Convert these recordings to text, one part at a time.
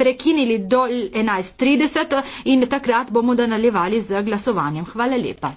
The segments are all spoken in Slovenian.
prekinili do 11.30 in takrat bomo nadaljevali z glasovanjem. Hvala lepa.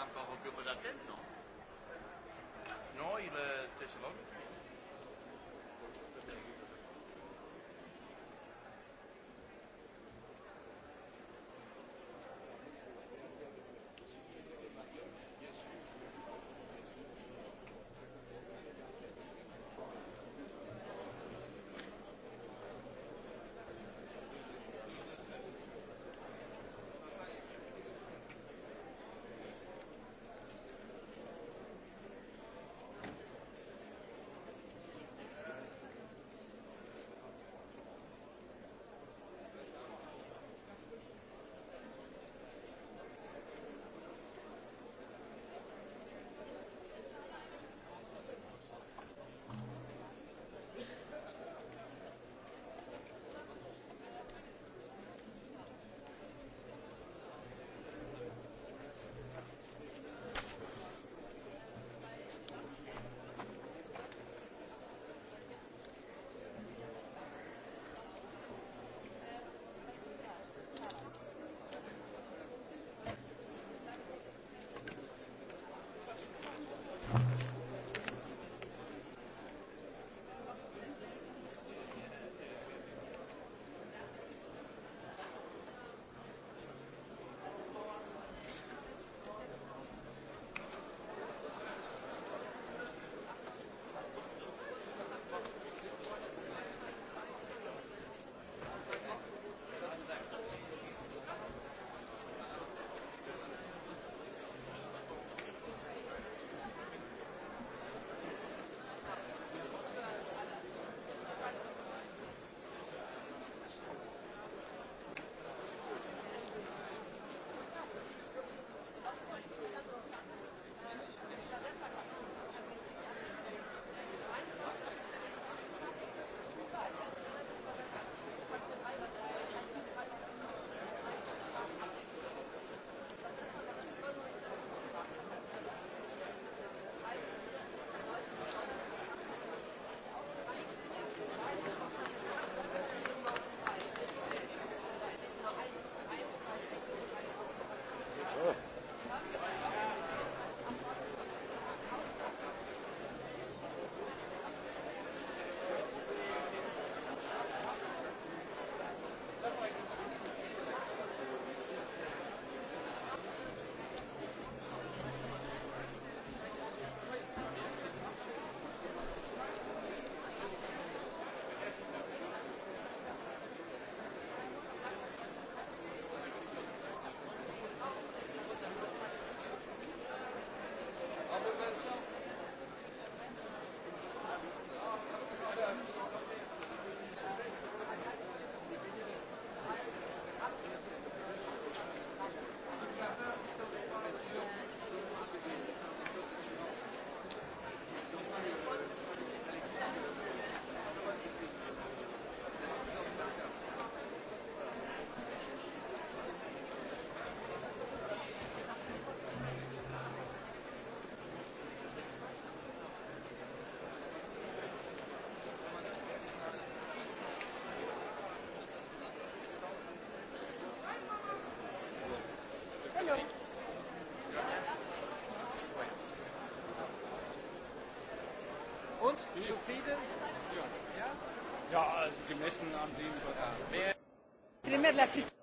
encore au bureau d'Athènes, non Non, il est chez l'homme. gut? Zufrieden? Ja. Ja, also gemessen an dem, was. Ja. Primer la situación.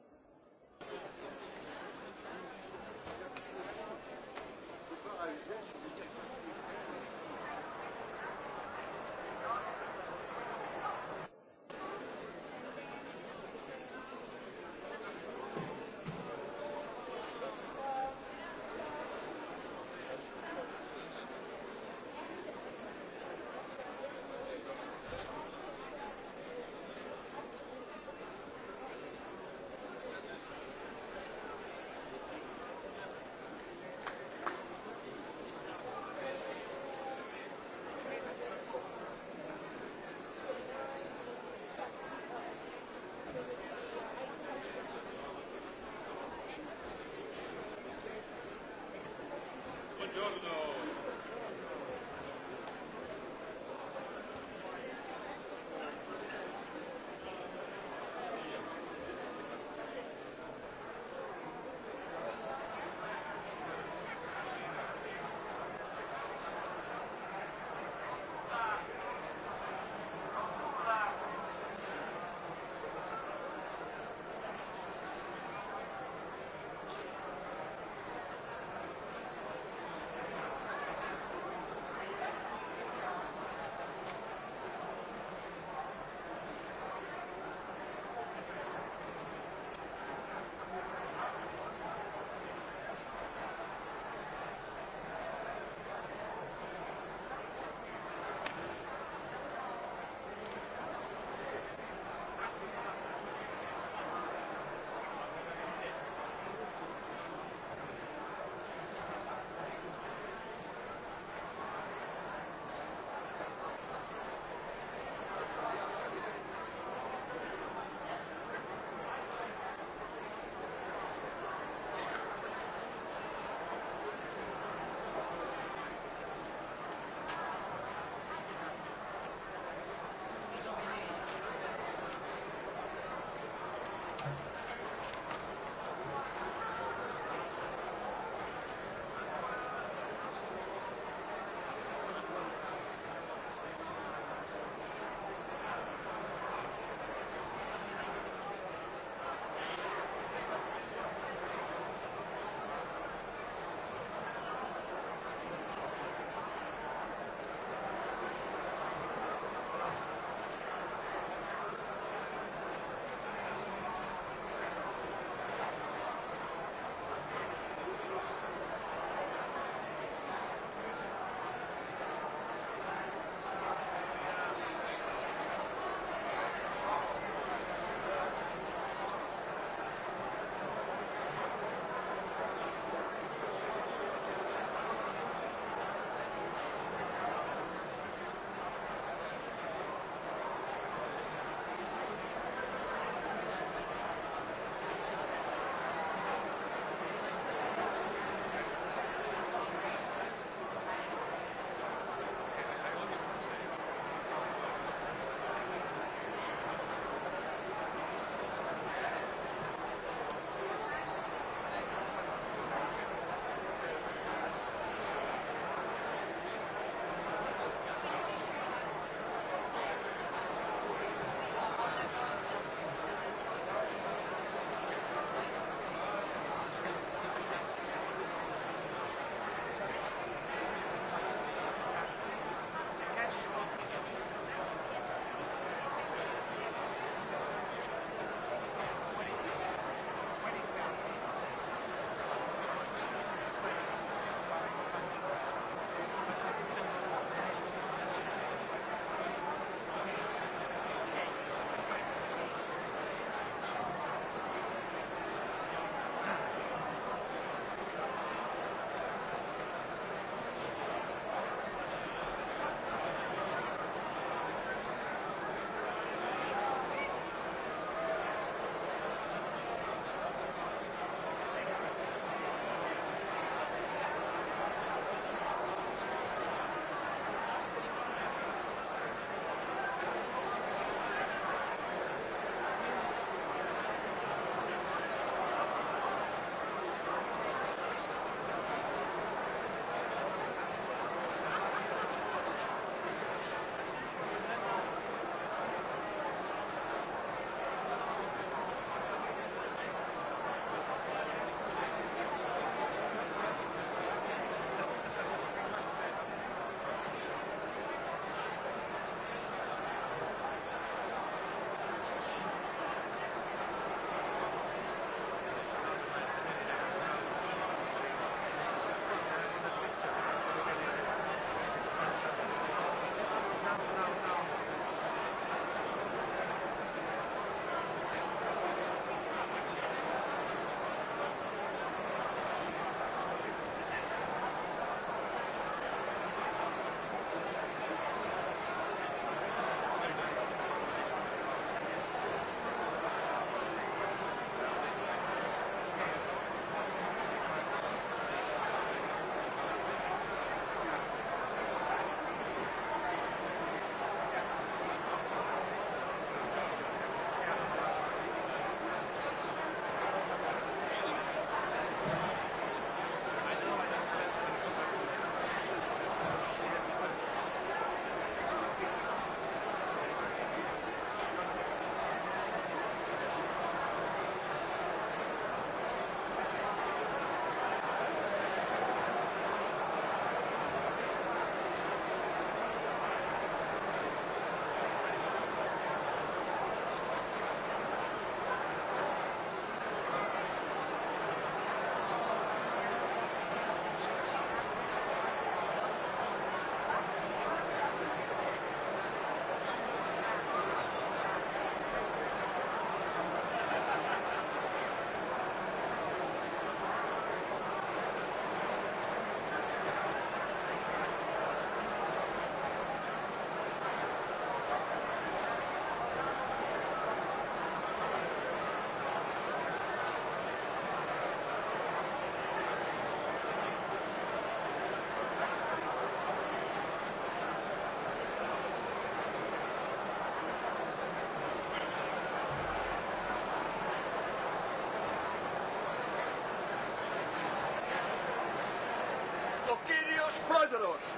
the doors.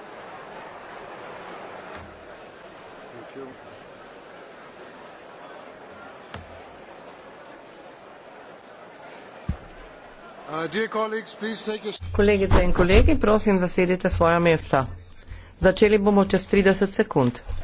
Thank you. Kolegice in kolegi, prosim, zasedite svoja mesta. Začeli bomo čez 30 sekund.